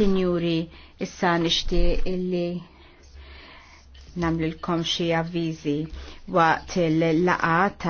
Signuri, issa nishti illi namlilkom xi avviżi waqt il-laqa ta'